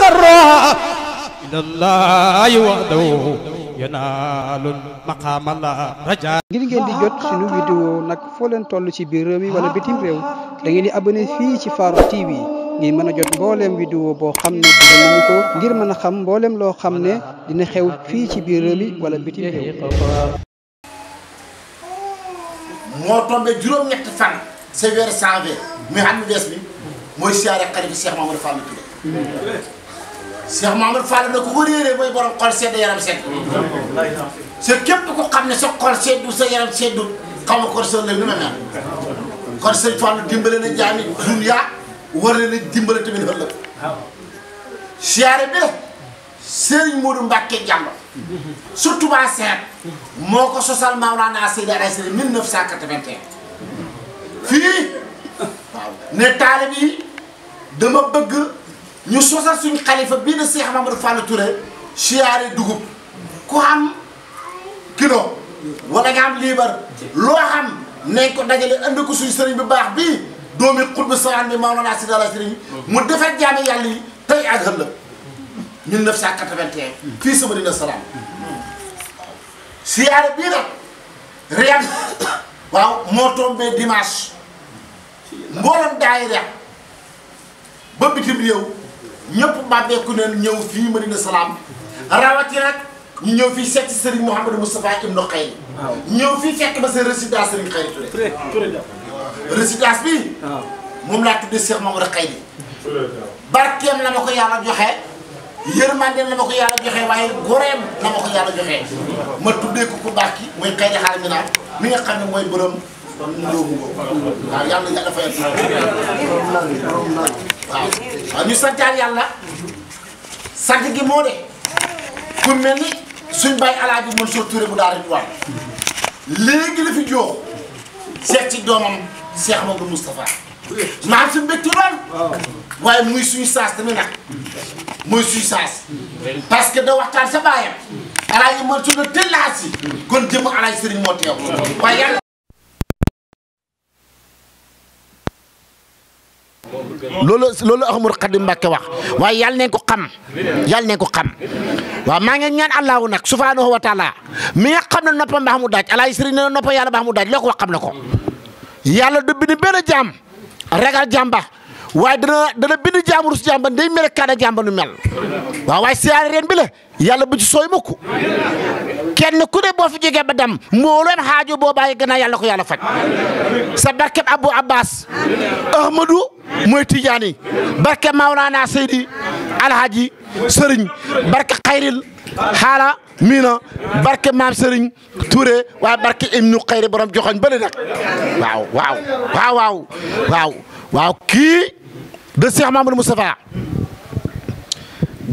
تقرى إلى الله وحده yenaalul maqaama la raja ngir ngeen di jot suñu vidéo nag foo leen toll ci biir réew mi wala bitim réew da ngeen di abonné fii ci mën a jot mbooleem vidéo boo xam ne mën a xam mbooleem loo xam ne dina xew fii ci biir wala bitim moo tombé juróom fan sa weer Cheikh Mamadou Fall na ko wëreeree mooy borom xam ne sa xol seddu na jaami dunya war na dimbale tamit surtout ba seet moo ko sosal Maolana Seydi Alaye Seydi 1981 fii ne taalib yi dama bëgg. ñu sosal suñu xalifa bii na Cheikh Mamadou Fallou Touré siyaare dugub ku xam kilo wala nga am liibar loo xam nañ ko dajale andi ko suñu sëriñ bi baax bii doomi xutbu salaan bi Maolana Seydi Alaaji Sëriñ mu defar jaami yàlla yi tey ak ëllëg 1981 fii sama dina salaam siyaare bii nag réew waaw moo tombé dimanche mbooloom daayira ba bitim réew ñëpp bàbbeeku neen ñëw fii Madina Salaam rawati nag ñu ñëw fii seet si Serigne Mouhamadou Moustapha Ibn Khayri ñëw fii fekk ba seen résidence Serigne Khayri bi moom laa tuddee Cheikh Mamadou Khayri barkeem la ma ko yàlla joxe yërmandeem la ma ko yàlla joxe waaye goreem la ma ko yàlla joxe ma tuddee ko ku baax ki mooy Khayri xaal mi naan xam ne mooy borom waaw yàlla nga dafa yàlla. waaw ñu santaat yàlla sant gi moo de ku mel ni suñ bay alaaji Mansour Touré bu daal di waay léegi la fi joox seet ci doomam Cheikh Mamadou Moustapha maa ngi si mbégte lool waaye muy suñu saas tamit nag muy suñu saas parce que da waxtaan sa baayam alaaji Mansour la tëllaat si kon jëm alaaji Serigne moo teew waaye yàlla loolu loolu Ahmadou Khadim Mbacké wax waaye yàlla nañ ko xam yàlla nañ ko xam waa maa ngi ñaan allahu nag subhanahu wa taala mi nga xam ne noppam baax mu daaj alaa sëriñ ne noppam yàlla baax mu daaj loo ko wax xam na ko yàlla du bind benn jaam ragal jaam ba waaye dana dana bind jaam rus ba ndey mel kaana jaam ba nu mel waaw waaye siyaare reen bi yàlla bu ci soy mako kenn ku ne bo fi jige ba dem len haaju bo baye gëna yàlla ko yàlla faj sa barke Abu Abbas Ahmadu moy tidiani barke maulana Seydi Alhaji serigne barke khairil hala miina barke maam Serigne Touré waaye barke Ibnu Xayri borom joxoñ bële nag waaw waaw waaw waaw waaw waaw kii de Cheikh Mamadou Moustapha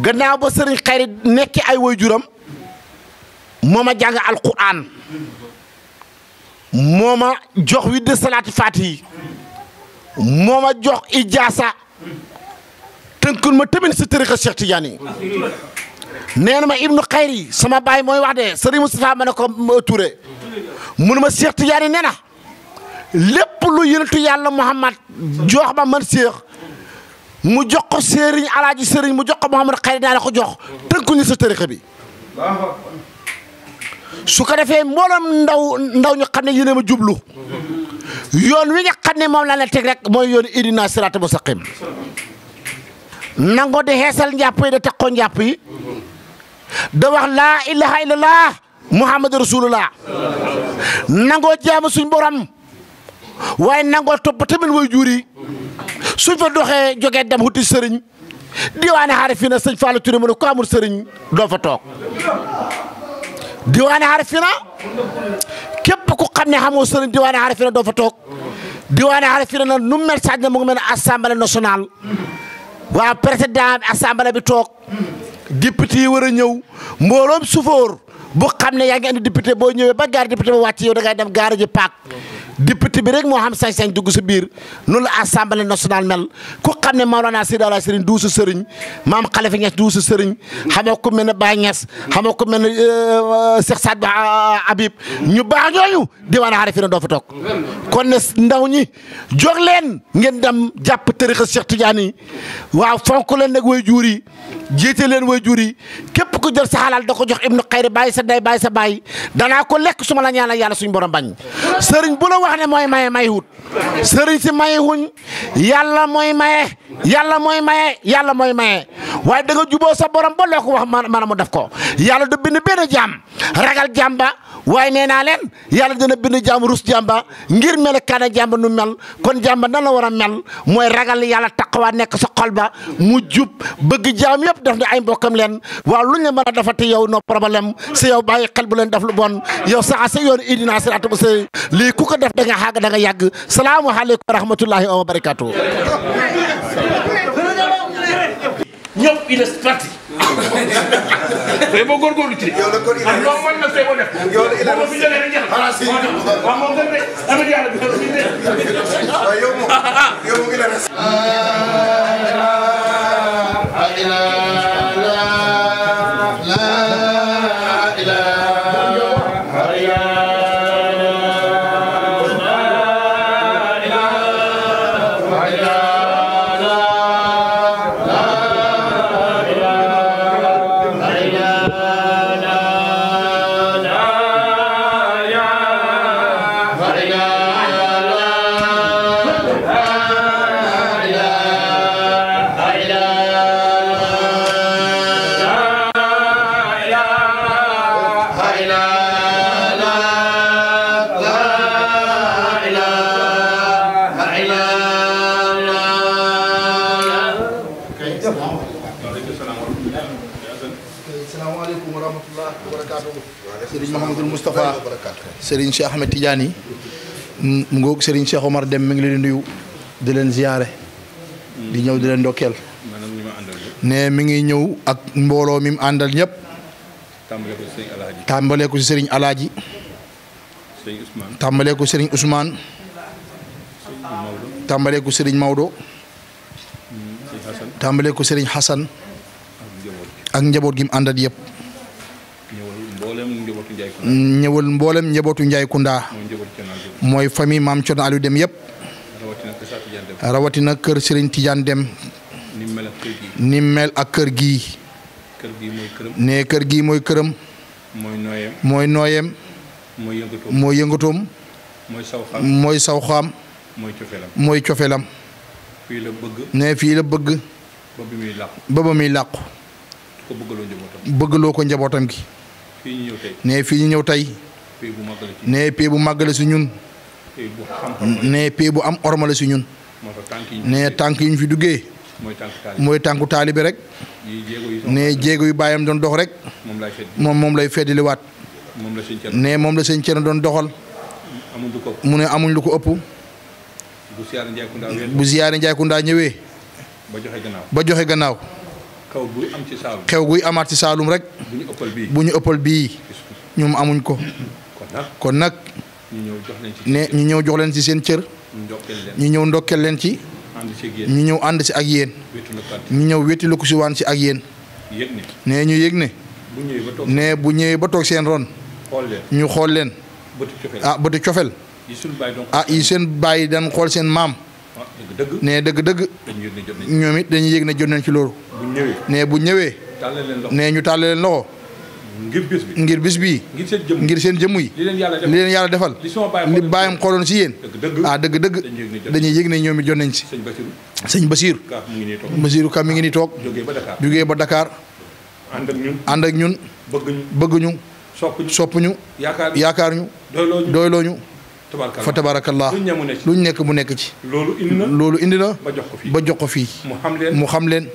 gannaaw ba serigne khairit nekk ay wayjuram moma jàng alquran moma jox widd salaati faatihi moo ma jox ijaasa teunkul ma tamen si tariqa Cheikh Tidiane neena ma ibnu khairi sama baye moy wax de serigne mustapha manako ne Touré mun ma Cheikh Tidiane neena lépp lu yënatu yàlla Muhammad jox ba man Cheikh mu jox ko Serigne alaaji Serigne mu jox ko Mouhamadou Khayri kay la ko jox tënkuñu sa tarixa bi su ko defee mbooloom ndaw ndaw ñu xam ne yéen a ma jublu yoon wi nga xam ne moom laa la teg rek mooy yoon idina sirata mustaqim nango di xeesal njàpp yi da taqoo njàpp yi da wax laa ilaha illallah muhammadu rasulullah nangoo jaamu suñ borom waaye nangoo topp tamit way juuri suñ fa doxee jógee dem xuti sëriñ diwaane xaarifina sëñ Fallou Touré mu ne ko amul sëriñ doo fa toog diwaane xaarifina képp ku xam ne xamoo sëriñ diwaane xaarifina doo fa toog diwaane xaarifina nag nu mel saaj na mu ngi mel ne assemblée nationale waaw président assemblée bi toog député yi war a ñëw mbooloom sufóor bu xam ne yaa ngi andi député boo ñëwee ba gaar député ba wàcc yow da ngay dem gaar ji paak député bi rek moo xam sañ-sañ dugg sa biir noonu la assemblée nationale mel ku xam ne Maolana Seydi Alaaj Sëriñ du sa sëriñ maam Khalifa Niass du sa sëriñ xamoo ku mel ne Baye Niass xamoo ku mel ne euh, euh, Cheikh Saad Ba euh, Habib ñu baax ñooñu diwaan xarit fi na doo fa toog kon ne ndaw ñi jox leen ngeen dem jàpp tarixa Cheikh Tidiane yi waaw fonk leen nag way juur yi jiite leen way jur yi képp ku jël sa xalaal da ko jox ibnu xayri bàyyi sa day bàyyi sa bàyyi danaa ko lekk su ma la ñaanal yàlla suñu borom bañ wax ne mooy maye mayewut sëriñ si may mayewuñ yàlla mooy maye yàlla mooy maye yàlla mooy maye waaye da nga juboo sa borom ba loo ko wax maanaam mu def ko yàlla du bind benn jaam ragal jaam ba waaye nee naa leen yàlla dina bind jaam rus jàmba ngir mel kaana jàmba nu mel kon jàmba nan la war a mel mooy ragal yàlla waa nekk sa xol ba mu jub bëgg jaam yëpp def ne ay mbokkam leen waaw luñ la mën a defati yow no problème si yow bàyyi xel bu leen def lu da nga xaag da nga yàgg salaamualeykum wa rahmatullahi wa barakatuh. ñëw il boo góorgóorlu ci. yow la góor yi lay man na ko def. yow la góor yi lay def xanaa na yàlla bi yow moom yow mu ngi salaamaaleykum wa rahmatulah wa barakaatu. Serigne Mouhamadou Moustapha Serigne Cheikh Ahmed Tidiane mu ngoog Serigne Cheikh Omar Dem mi ngi leen di nuyu di di di ak mbooloo mi mu àndal ñëpp. tàmbalee ko si Serigne Alaaji. tàmbalee ko Serigne Ousmane. ak njaboot gi mu àndat yëpp. ñëwal mboolem njabootu Njaay mooy famille maam Cerno Aliou Dem yëpp. rawatina kër Serigne Tidiane Dem. ni mel kër gii. ne kër gii mooy këram. mooy nooyeem. mooy yëngatoom. mooy sawxaam. mooy cofeelam. ne fii la bëgg. ba ba muy làqu. ko bëggaloo njabootam. ko njabootam ki fii ñëw tey nee fii ñu ñëw tey. bu màggale ci nee pay bu màggale si ñun. pay bu nee pay bu am ormale si ñun. nee tànk yi ñu fi duggee. mooy tànku taalibe rek. nee jéego yu bàyyam doon dox rek. moom moom lay feddiliwaat. nee moom la sëñ Cerno doon doxal. mu ne amuñ lu ko ëpp. bu ziyaare Njaay Kunda ñëwee. ba joxe gannaaw ba joxe gannaaw. xew guy amaat ci Saalum rek. bu ñu ëppal bii bu ñu ëppal bii ñoom amuñ ko. kon nag ñu ñëw jox leen ci seen cër. ñu ñëw ndokkeel leen ci. ñu ñëw ànd si ak yéen. ñu ñëw wéttilu ko si waan si ak yéen. ne ñu yëg ne. ne bu ñëwee ba toog seen ron. ñu xool leen. ah bëti cofel ah yi seen bàyyi daan xool seen maam. Ah, ne dëgg-dëgg. ñoom it dañuy yëg ne jot nañ ci loolu. ne bu ñëwee. ne ñu tàllale leen loxo. ngir bis bi ngir bii. ngir seen jëmm ngir seen jëmm yi. li leen yàlla defal li bàyyam xooloon si yéen. ah dëgg dëgg. dañuy yëg ne ñoom it jot nañ si. sëñ Basiru. Basiru Ka mi ngi nii toog. jógee ba Dakar. ànd ak ñun ànd ak ñun. bëgg ñu sopp ñu. fa tabarakallah luñ nekk mu nekk ci loolu indi na ba jox ko fii mu xam leen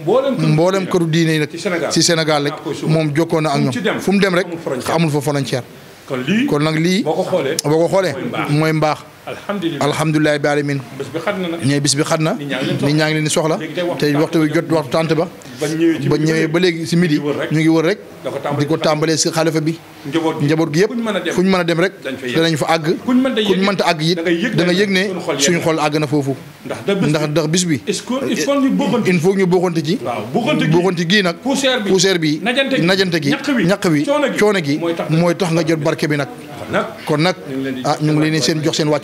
mboolem këru diine yi nag ci Sénégal rek moom jokkoo na ak ñoom fu mu dem rek amul fa frontière kon nag lii boo ko xoolee mooy mbaax alhamdulilah alhamdulilah bi alamin bis bi xat na nag bis bi xat na nit ñaa ngi leen di soxla te waxtu bi jot waxtu tànt ba ba ñëwee ba léegi si midi ñu ngi wër rek di ko tàmbalee si xalifa bi njaboot gi yëpp fu ñu mën a dem rek danañ fa àgg ku ñu mënta àgg it da nga yëg ne suñu xol àgg na foofu ndax ndax bis bi il faut ñu buuxante ci buuxante gii nag poussière bi najante gi ñaq bi coono gi mooy tax nga jot barke bi nag kon nak ah ñu ngi leen seen jox seen way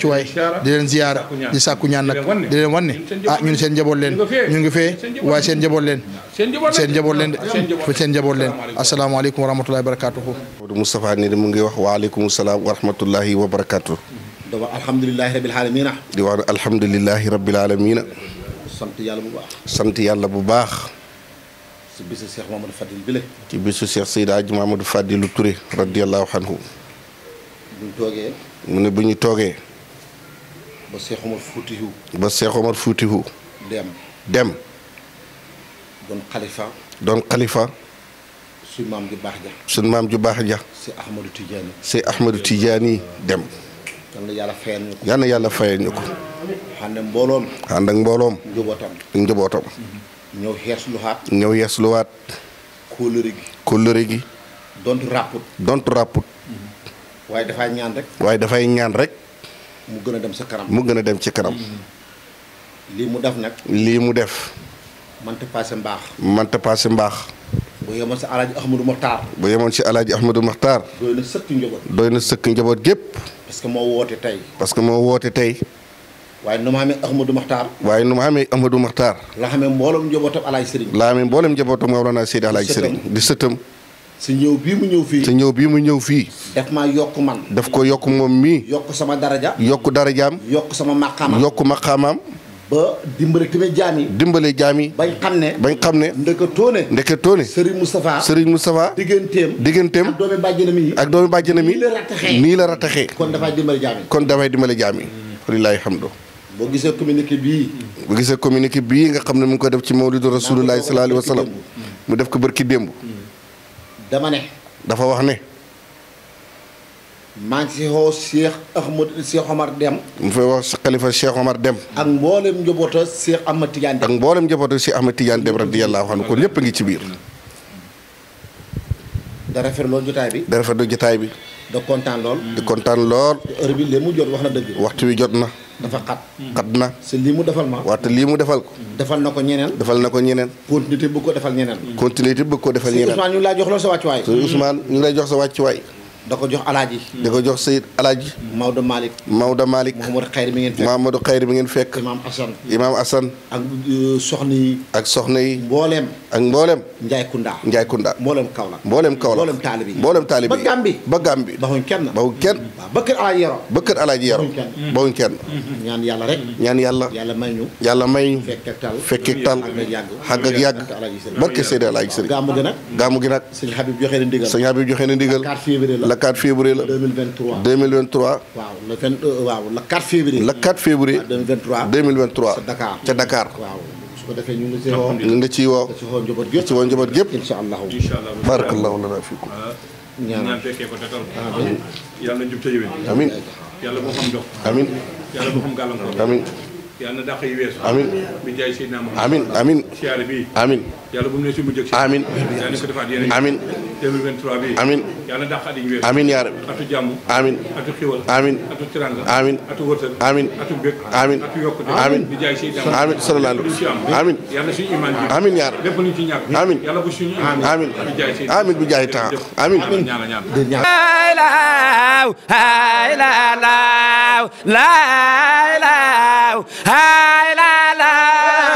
di leen ziyaara di sakku ñaan nak di leen wone ah ñun seen jabol leen ñu ngi fe wa seen jabol leen seen jabol leen fu seen jabol leen alaykum wa rahmatullahi wa barakatuhu mustafa ni mu ngi wax alaykum assalam wa rahmatullahi wa barakatuh da wax alhamdulilahi di wa alhamdulillahi rabbil alamin sant yalla bu baax sant yalla bu baax ci bisu Cheikh Mamadou Fadil bile ci bisu Cheikh sayyid fadil Touré radiyallahu anhu mune buñu mu ba Cheikh Omar foutihu ba Cheikh Omar foutihu dem dem. Don khalifa. Don khalifa. Sun mam ju baax sun mam ju baax si Ahmadou Tidiane. si Ahmadou Tidiane dem. yalla yalla yàlla fayal ñu yalla yal na yàlla fayal ñu mbolom ànd ak mbooloom. ànd ak ñew njabootam. njabootam. ñëw yeesluwaat. gi. kóllëre gi. dontu rapput. dontu waaye dafay ñaan rek. waaye dafay ñaan rek. mu gën a dem sa kanam mu gën a dem ci kanam. Mm-hmm. lii mu def nag. lii mu def. mënta paase mbaax. mënta paase mbaax. bu yemoon si El Hadj Ahmadou Mokhtar. bu yemoon si El Hadj Ahmadou Mokhtar. doy na sëkk njaboot. doy na sëkk njaboot gépp. parce que moo woote tey. parce que moo woote tey. waaye nu ma amee Ahmadou Mokhtar. waaye nu ma amee Ahmadou Mokhtar. laa xamee mboolem njabootam El Hadj Serigne. laa xamee mboolem njabootam Mawlana Seydi El Hadj di sëtam. si ñëw bii mu ñëw fii. sa ñëw bii mu ñëw fii. daf maa yokk man. daf ko yokk moom mii. yokk sama daraja. yokk darajaam. yokk sama maqaamaam. yokk maqaamaam. ba dimbale tamit jaam dimbale jaam yi. bañ xam ne. bañ xam ne. ndeketoone. ndeketoone. Serigne Moustapha. Serigne Moustapha. digganteem. digganteem ak doomi bàjjenam yi. ak doomi bàjjenam yi. nii la rattaxee nii la rattaxee. kon dafay dimbale jaam yi. kon dafay dimbale jaam yi. xam hamdu. boo gisee communiqué bii. boo gisee communiqué bii nga xam ne mu ngi ko def ci mawlidu rasulullahi sallallahu alayhi wa sallam mu def ko barki démb dama ne. dafa wax ne. maa ngi si xoo Cheikh Ahmad Cheikh Omar Dem. mu fay wax xalifa Cheikh mar Dem. ak mboolem njabootu Cheikh Ahmad Tidiane Dem. ak mboolem njabootu Cheikh Ahmad Tidiane Dem radiyallahu anhu kon ñëpp a ngi ci biir. da rafet bi. da jotaay bi. da kontaan lool. di kontaan lool. bi li mu wax na dëgg. waxtu wi jot na. dafa xat. Hmm. xat na. si lii mu defal ma. waaw lii mu defal ko. defal na ko ñeneen. defal na ko ñeneen. continuité bëgg ko defal ñeneen. continuité bëgg ko defal ñeneen. sëñ Ousmane ñu ngi lay jox la sa wàccuwaay. sëñ Ousmane ñu ngi jox sa wàccuwaay. da ko jox alaaji da ko jox Seyid alaaji Maodo Malick Maodo Malick Mahamadou Xayri mi ngeen fekk Mahamadou Xayri mi ngeen fekk imaam Assane imaam Assane ak euh, soxna yi ak soxna yi mbooleem ak mbooleem Njaay Kunda Njaay Kunda mbooleem Kaolack mbooleem Kaolack mbooleem taalibi mbooleem taalibi ba Gàmbi ba Gàmbi baxuñ kenn baxuñ kenn ba kër alaaji yaro ba kër alaaji yaro baxuñ kenn ñaan yàlla rek ñaan yàlla yàlla may ñu yàlla may ñu fekk ak tal fekk ak tal xàgg ak yàgg barke Seydi alaaji Sëriñ gàmmu gi nag gàmmu gi nag sëñ Habib joxe na ndigal sëñ Habib joxe na ndigal 4 février la. 2023 2023. waaw le 20 euh, waaw le 4 février. le 4 février. 2023 ah, 2023. ca Dakar ca Dakar. waaw su ko defee ñu ngi ci woo. ñu ngi ci woo. da ci woo njaboot gépp da ci woo njaboot gépp. incha allahu barakallahu lana fikum. ñaan fekkee ko dakal. amiin yàlla na jub te yéwén. amiin yàlla boo xam dox. amiin yàlla boo xam gàllankoor. amiin yàlla na dàq yi weesu. amiin bi jaay Seydina Muhammad. amiin amiin siyaare bi amiin. yàlla bu mu ne si mu jëg si amin yàlla ko defaat yéen amin 2023 bi amin yàlla dàq at yi ñu wér amin yaa rabbi atu jàmm amin atu xiwal amin atu tiranga amin atu wërsëg amin atu bëgg amin atu yokkute amin di jaay si dàmm amin sallallahu alayhi wa sallam amin yàlla suñu iman bi amin yaa rabbi lépp lu ñu ci ñàkk amin yàlla bu suñu iman amin di jaay si amin bu jaay temps amin ñaana ñaan laaw hay laaw laaw laaw hay laaw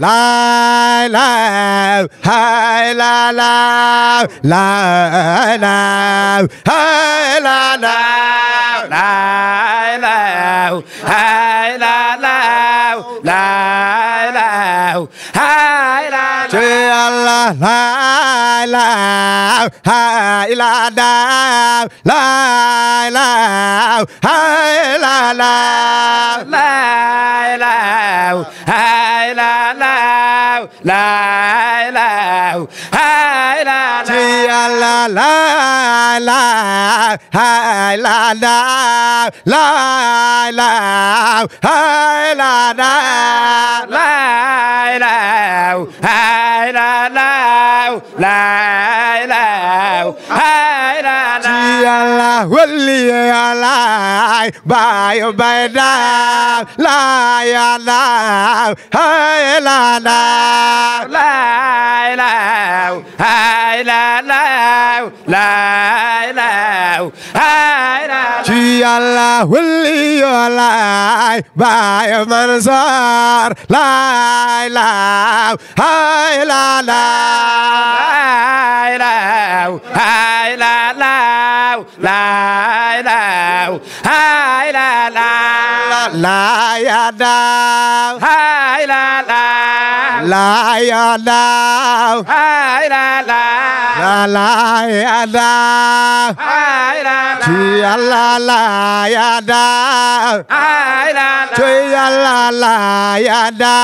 la la hi la la la la hi la la la la hi la la la la hi la la la la la hi la la la la hi la la la la hi la la la la ci Yàlla la la la la la la la la la la la la waliye alay bayo bayda la ya la hay la la la la hay la la la la hay la ci yàlla waliye alay bayo mansar la la hay la la la la la la hay la la la ya da hay la la la ya da hay la la la la ya da ay la la ci la la ya da ay la la ci la la ya da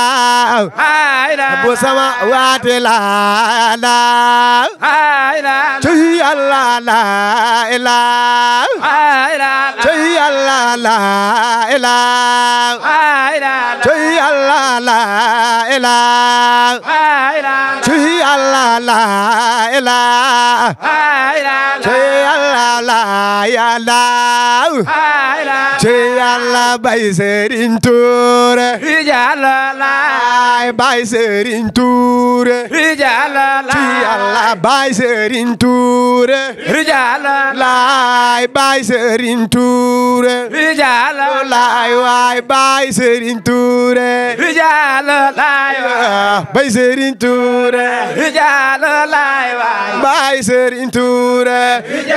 ay la bu sama waate la la ay la ci la la la ay la ci la la la ay la ci la la la ay la ci la la la ci yàlla la yàlla ci yàlla bay Serigne Touré yaay baay Serigne Touré. rijalala ci yàlla baay Serigne Touré. rijalala laay baay Serigne Touré. rijalala laay waay baay Serigne Touré. rijalala laay ah, waay baay Serigne Touré. rijalala laay waay baay Serigne Touré.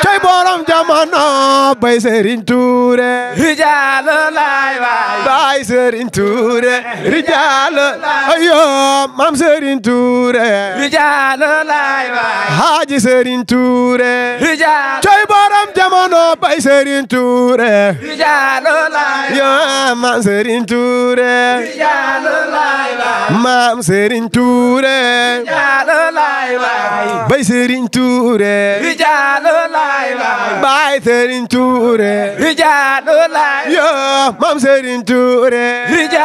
coy borom jamono baay Serigne Touré. rijalala laay waay baay Serigne Touré. rijalala yoo maam Serigne Touré. Rijaalo maam Serigne Touré. Rijaalo maam Serigne Touré.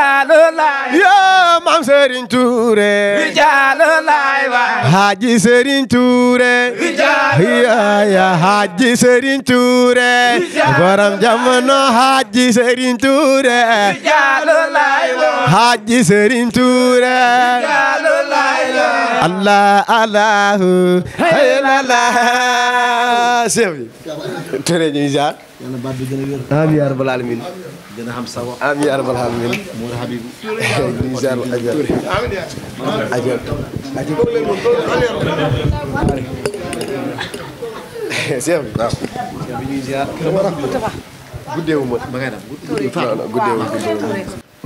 Rijaalo maam Serigne Touré. Rijaalo laay waay. Haji Serigne Touré. Rijaalo laay waay. Haji Serigne Touré. Rijaalo borom jamono Allah Allahu. Haylala. Cheikh bi. a wér. gën a xam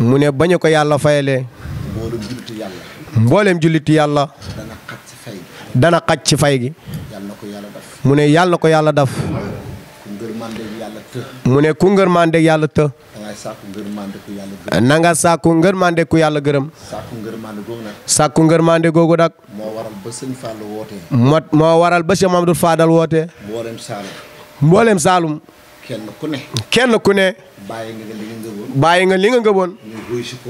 mu ne bañu ko yàlla fayalee mboolem jullitu yàlla mboolem jullitu yàlla dana xaj fay gi dana xaj ci mu ne yàlla ko yàlla daf mu ne ku ngërmande yàlla të na nga sàkku ngërmande ku yàlla gërëm. sàkku ngërmande googu nag. sàkku ngërmande moo waral ba sëñ Fallou wootee. mot moo waral ba sëñ mboolem Saalum. kenn ku ne. kenn ku ne. bàyyi nga li nga ngëboon. bàyyi nga li nga ko.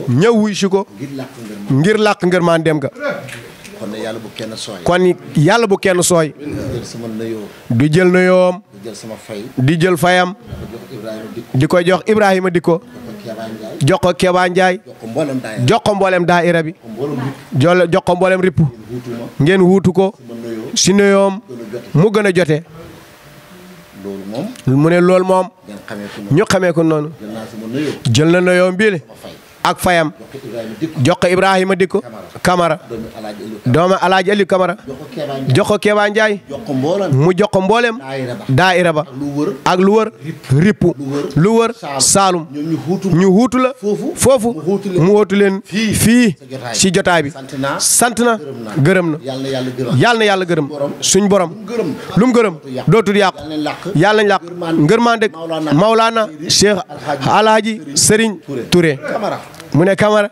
ñëw ngir làq ngërmande ngir làq kon yàlla bu kenn sooy. kon yàlla bu kenn sooy. du jël sama nuyoo. du jël fayam. di ko jox Ibrahima di ko jox ko Keba Ndiaye jox ko mboolem daayira bi jox ko mboolem ripp ngeen wuutu ko si nuyoom mu gën a jote mu ne loolu moom ñu xamee ko noonu jël na nuyoom bii ak fayam jox ko Ibrahima Dikko Kamara doomu alaaji Aliou Kamara jox ko Keba Ndiaye mu jox ko mboolem daaira ba ak lu wër ripp lu wër Saalum ñu huutu la foofu mu wóotu leen fii si jotaay bi sant na gërëm na yàlla na yàlla gërëm suñ borom lu mu gërëm dootul yàqu yàlla nañ làq ngërmaan dëgg Maulana Cheikh Alhaji Serigne Touré. mu ne Camara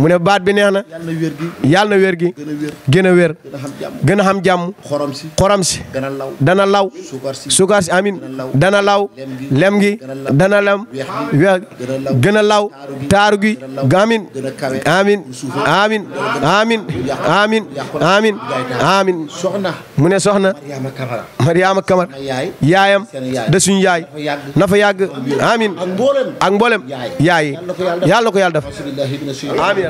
mu ne baat bi neex na. yàlla na wér gi. gën a wér gën a xam jàmm. xorom si xorom si. dana law suukar si amin dana law lem gi dana lem weex gën a law taaru gi amin amin amin amin amin amin amin mu ne soxna Mariama Kamara yaayam da suñu yaay na fa yàgg amin ak mboolem yaay yàlla ko yàlla def amin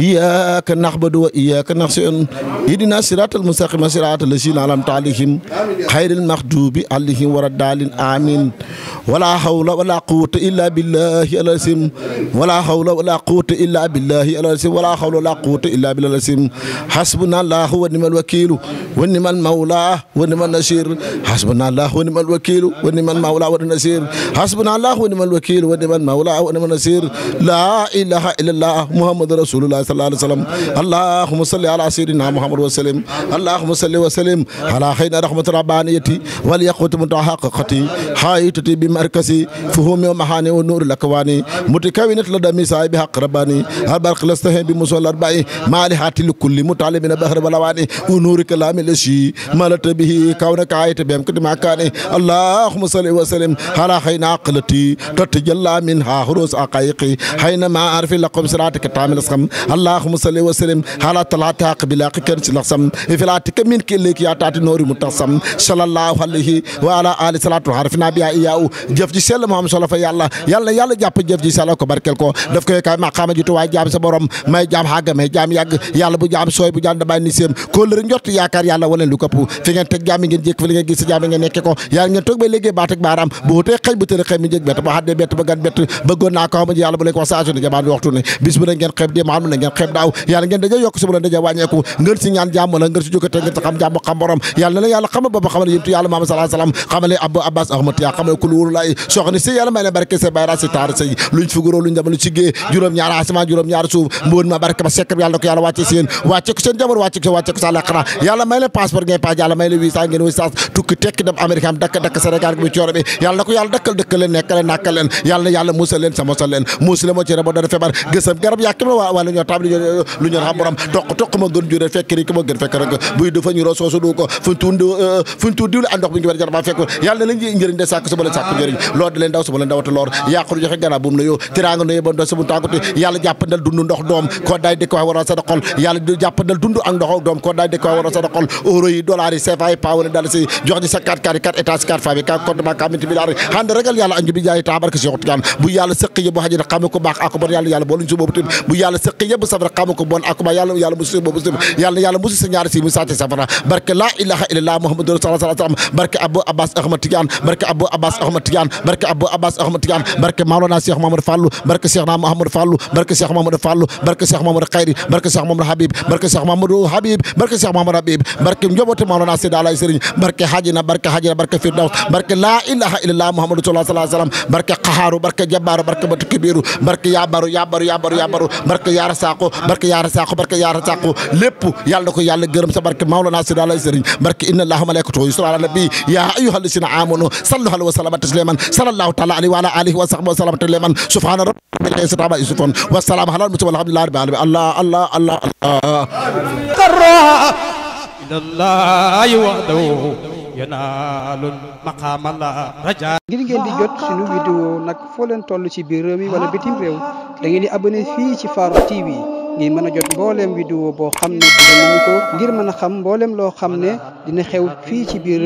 إياك نعبد وإياك نستعين اهدنا الصراط المستقيم صراط الذين أنعمت عليهم غير المغضوب عليهم ولا الضالين آمين ولا حول ولا قوة إلا بالله العظيم ولا حول ولا قوة إلا بالله العظيم ولا حول ولا قوة إلا بالله العظيم حسبنا الله ونعم الوكيل ونعم المولى ونعم النصير حسبنا الله ونعم الوكيل ونعم المولى ونعم النصير حسبنا الله ونعم الوكيل ونعم المولى ونعم النصير لا إله إلا الله محمد رسول الله sallallahu alayhi wa sallam allahumma salli ala sayyidina muhammad wa sallim allahumma salli wa sallim ala khayna rahmat rabbaniyati wal yaqut mutahaqqati haytati bi markasi fuhumi wa mahani wa nur lakwani mutakawinat lada misai bi haqq rabbani al barq lastahi bi musul arba'i mali hati likulli mutalimina bahra balawani wa nur kalami lashi malat bihi kawnaka ayat bi amkati makani allahumma salli wa sallim ala khayna aqlati tatajalla minha hurus aqaiqi hayna ma arfi laqum siratika tamil asqam allahumma salli wa sallim ala talaataq bila qikan si laxsam ifilaatika min kelleeki yaa taati noori mu taxsam sallallahu alayhi wa ala ali salatu harfina biya iyaaw jëf ji sell moom solo fa yàlla yàlla jàpp jëf ji sell ko barkel ko daf koy kaay maqaama jitu waaye jaam sa may jaam xàgga may jaam yàgg yàlla bu jaam sooy bu jaam dabàyyi ni séem kóllëre njort yàlla wala lu këpp fi teg jaam ngeen jékk fi li gis sa ngeen nekke ko ngeen xeeb daaw yàlla ngeen daje yokk su bu leen daje wàññeeku ngeen si ñaan jàmm la ngeen si jóge te ngeen si xam jàmm xam borom na la yàlla na barke sa bayra si taar na may la passeport ngeen paas yàlla may la visa ngeen visa tukki tekki dem Amérique am dakk dakk bi cooro bi yàlla na ko yàlla dakkal dëkkal leen nekkal leen nàkkal na musal leen sa mosal leen musal leen moo ci rebo dara feebar gësam garab yàkkam la waa wala ñoo fam lu ñor xam borom toq toq ma gën jure fekk ri ki ma gën fekk rek buy dafa ñu du ko fuñ tuun fuñ tuun diwle ndox bu mu ba doon sama tànkuti yàlla a a yi dollar yi si jox ñi bu yàlla sëq yi bu ko baax ako bar yàlla yàlla booluñ su boobu bu yàlla sëq yëpp yëpp safara xamu ko bon akuma yàlla yàlla musu ba musu yàlla yàlla musu sa ñaari si mu saate safara barke laa ilaha illallah muhammadu rasulullah sallallahu alayhi wasallam barke abou abbas ahmad tidiane barke abou abbas ahmad tidiane barke abou abbas ahmad tidiane barke mawlana cheikh mamadou fallou barke cheikh na mahamadou fallou barke cheikh mamadou fallou barke cheikh mamadou xayri barke cheikh mamadou habib barke cheikh mamadou habib barke cheikh mamadou habib barke njoboote mawlana seydi alay sëriñ barke hajina barke hajina barke firdaws barke laa ilaha illallah muhammadu rasulullah sallallahu alayhi wasallam barke qaharu barke jabbaru barke batu barke yabaru yabaru yabaru yabaru barke yarasa Sakho barke Yaara Sakho barke Yaara Sakho lépp yàlla ko yàlla gërëm sa barke Mawlana Seydi Alaji Sëriñ barke inna allaha malaikatahu yusalluna ala nabi ya ayyuhal lazina amanu sallu alayhi wa sallam tasliman sallallahu ta'ala alayhi wa ala alihi wa sahbihi wa sallam tasliman subhana rabbil izzati amma yasifun wa salamun ala al-mursalin rabbil alamin allah allah allah allah الله وحده yanaalul maqaamala raja ngir ngeen di jot suñu vidéo nag foo leen toll ci biir réew yi wala bitim réew da di abonné fii ci Farokh TV ngir mën a jot mbooleem vidéo boo xam ne dina ko ngir mën a xam mbooleem loo xam ne dina xew fii ci biir